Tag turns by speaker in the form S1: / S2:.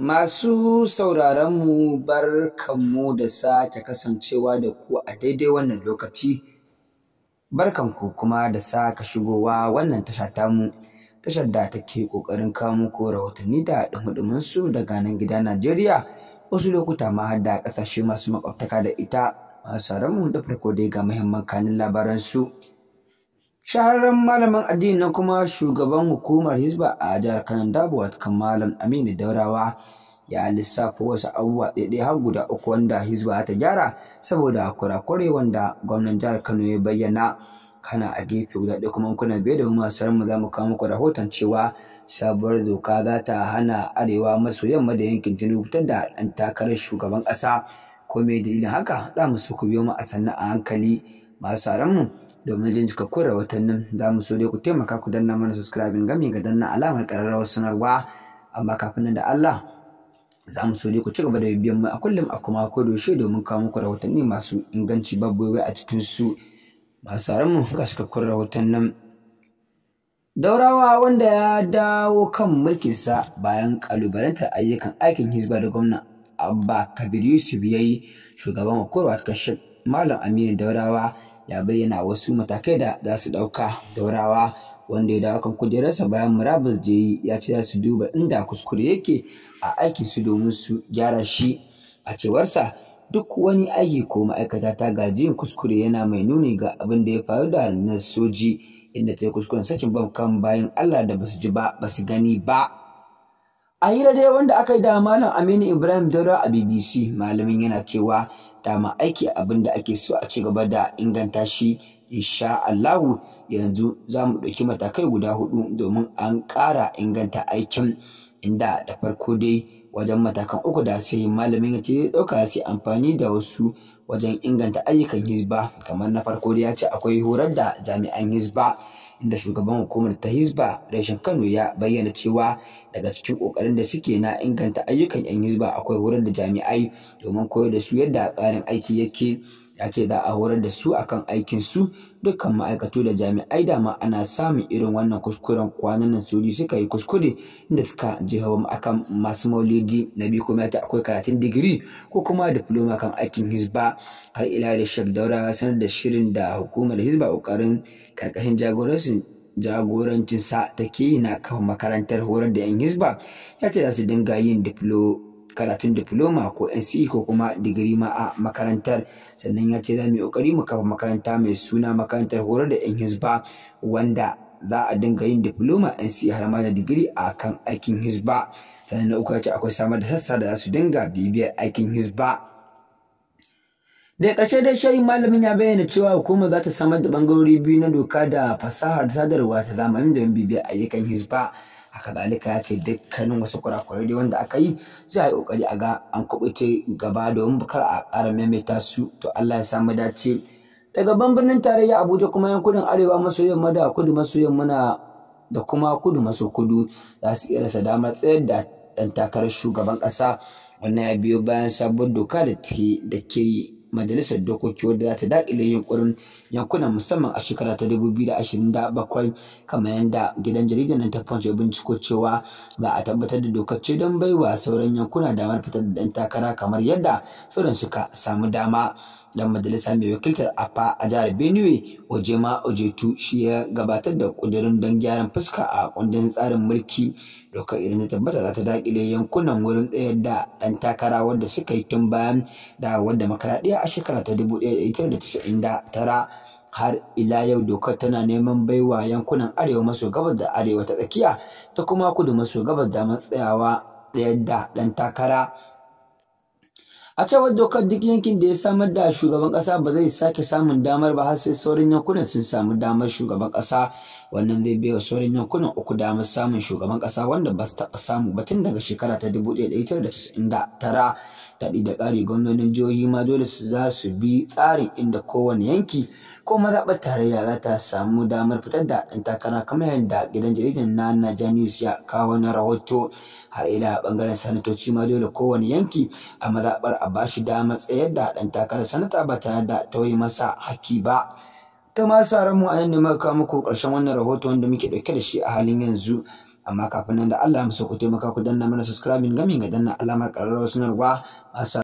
S1: Masu sauraronmu bar kanmu da sake kasancewa da ku a daidai wannan lokaci, barkanku kuma da sake shigowa wannan tasha tamu, tashar da take ƙoƙarin kawo muku rahotanni da ɗumuɗuminsu daga nan gida Najeriya, wasu lokuta ma har da ƙasashe masu makwabtaka da ita, masu sauraronmu da farko dai ga muhimman kanin labaransu. shahararren malamin addini na kuma shugaban hukumar hizba a jihar kanan dabuwa kan malam aminu daurawa ya lissafa wasu abubuwa ɗaiɗai har guda uku wanda hizba ta gyara saboda kurakure wanda gwamnan jihar kano ya bayyana kana a gefe guda ɗaya kuma kuna biye da kuma sauran mu za mu kawo muku rahoton cewa sabuwar doka za ta hana arewa maso yamma da yankin tinubu fitar da ɗan takarar shugaban ƙasa ko me dalilin haka za mu so ku biyo mu a sannan a hankali masu mu domin jin cikakkun rahotannin za mu so dai ku taimaka ku danna mana subscribing gami ga danna alamar ƙararrawar sanarwa amma kafin nan da Allah za mu so dai ku ci gaba da bibiyan mu a kullum a kuma ko doshe domin kawo muku rahotanni masu inganci babbobi a cikin su masu sauran mu ga cikakkun rahotannin Daurawa wanda ya dawo kan mulki'n sa, bayan kalubalantar ayyukan aikin Hizba da gwamnan Abba Kabir Yusuf ya yi shugaban hukumar kashe Malam Aminu Daurawa ya bayyana wasu matakai da za su ɗauka daurawa wanda ya dawo kan kujerarsa bayan murabus da yi ya ce za su duba inda kuskure yake a aikin su domin su gyara shi a cewarsa duk wani aiki ko ma'aikata ta gaji kuskure yana mai nuni ga abin da ya faru da na soji inda ta yi kuskuren sakin bam kan bayan Allah da ba su ji ba ba su gani ba a hira dai wanda aka yi da malam Aminu Ibrahim Daura a BBC malamin yana cewa dama aiki abin da ake so a ci gaba da inganta shi insha Allahu yanzu za mu ɗauki matakai guda huɗu domin an ƙara inganta aikin inda da farko dai wajen matakan uku da sai malamin ya ce ɗauka sai amfani da wasu wajen inganta ayyukan hizba kamar na farko dai ya ce akwai horar da jami'an hizba inda shugaban hukumar ta Hizba reshen Kano ya bayyana cewa daga cikin kokarin da suke na inganta ayyukan 'yan Hizba akwai horar da jami'ai domin koyar da su yadda tsarin aiki yake ya ce za a horar da su akan aikin su dukkan ma'aikatu da jami'ai dama ana samun irin wannan kuskuren kwanan nan soji suka yi kuskure inda suka je hawan akan masu maulidi na biyu kuma ta akwai karatun digiri ko kuma diploma kan aikin hisba har ila da shek daura sanar da shirin da hukumar hisba ƙoƙarin karkashin jagorancin jagorancinsa take yi na kan makarantar horar da 'yan hisba ya ce za su dinga yin diploma karatun diploma ko nc e ko kuma digiri ma a makarantar sannan ya ce za mu yi ƙoƙari mu kafa makaranta mai suna makarantar horar da 'yan hisba wanda za a dinga yin diploma NC e har ma da digiri a kan aikin hisba sannan na uku ya ce akwai samar da sassa da za su dinga bibiyar aikin hisba da ƙarshe dai shirin malamin ya bayyana cewa hukumar za ta samar da ɓangarori biyu na doka da fasahar sadarwa ta zamani don bibiyar ayyukan hisba haka zalika ya ce dukkanin wasu kurakurai dai wanda aka yi za a yi ƙoƙari a ga an kuɓuce gaba domin bukar a ƙara maimaita su to Allah ya samu dace daga birnin tarayya Abuja kuma yankunan arewa maso yamma da kudu maso yamma na da kuma kudu maso kudu za su iya rasa damar tsayar da ɗan takarar shugaban ƙasa wannan ya biyo bayan sabon doka da ke yi majalisar dokoki wadda za ta dakile yunkurin yankunan musamman a shekara ta da da bakwai kamar yadda gidan jaridar nan ta punch binciko cewa za a tabbatar da dokar ce don baiwa sauran yankuna damar fitar da ɗan takara kamar yadda sauran suka samu dama dan majalisa mai wakiltar afa a jihar benue ojema ojetu shi ya gabatar da kudirin don gyaran fuska a kundin tsarin mulki doka idan ta tabbata za ta dakile yankunan wurin tsayar da dan takara wanda suka yi tun bayan da wadda makaraɗiya a shekara ta tara. har ila yau dokar tana neman baiwa yankunan arewa maso gabas da arewa ta tsakiya ta kuma kudu maso gabas da matsayawa tsayar da ɗan takara a cewar dokar duk yankin da ya samar da shugaban kasa ba zai sake samun damar ba har sai saurin yankunan sun samu damar shugaban kasa wannan zai baiwa saurin yankunan uku damar samun shugaban kasa wanda ba su taɓa samu ba tun daga shekara ta 1999 daɗi da ƙari gwamnonin jihohi ma dole su za su bi tsari inda kowane yanki ko mazaɓar tarayya za ta samu damar fitar da ɗan takara kamar yadda gidan jaridar na Naija News ya kawo wani rahoto har ila ɓangaren sanatoci ma dole kowane yanki a mazaɓar a ba shi damar tsayar da ɗan takarar sanata ba tare da tauye masa haƙƙi ba. Ta ma sa a nan ne muka kawo muku ƙarshen wannan rahoto wanda muke ɗauke da shi a halin yanzu. amma kafin nan da Allah ya musu ku taimaka ku danna mana subscribing gami ga danna alamar ƙararrawar sanarwa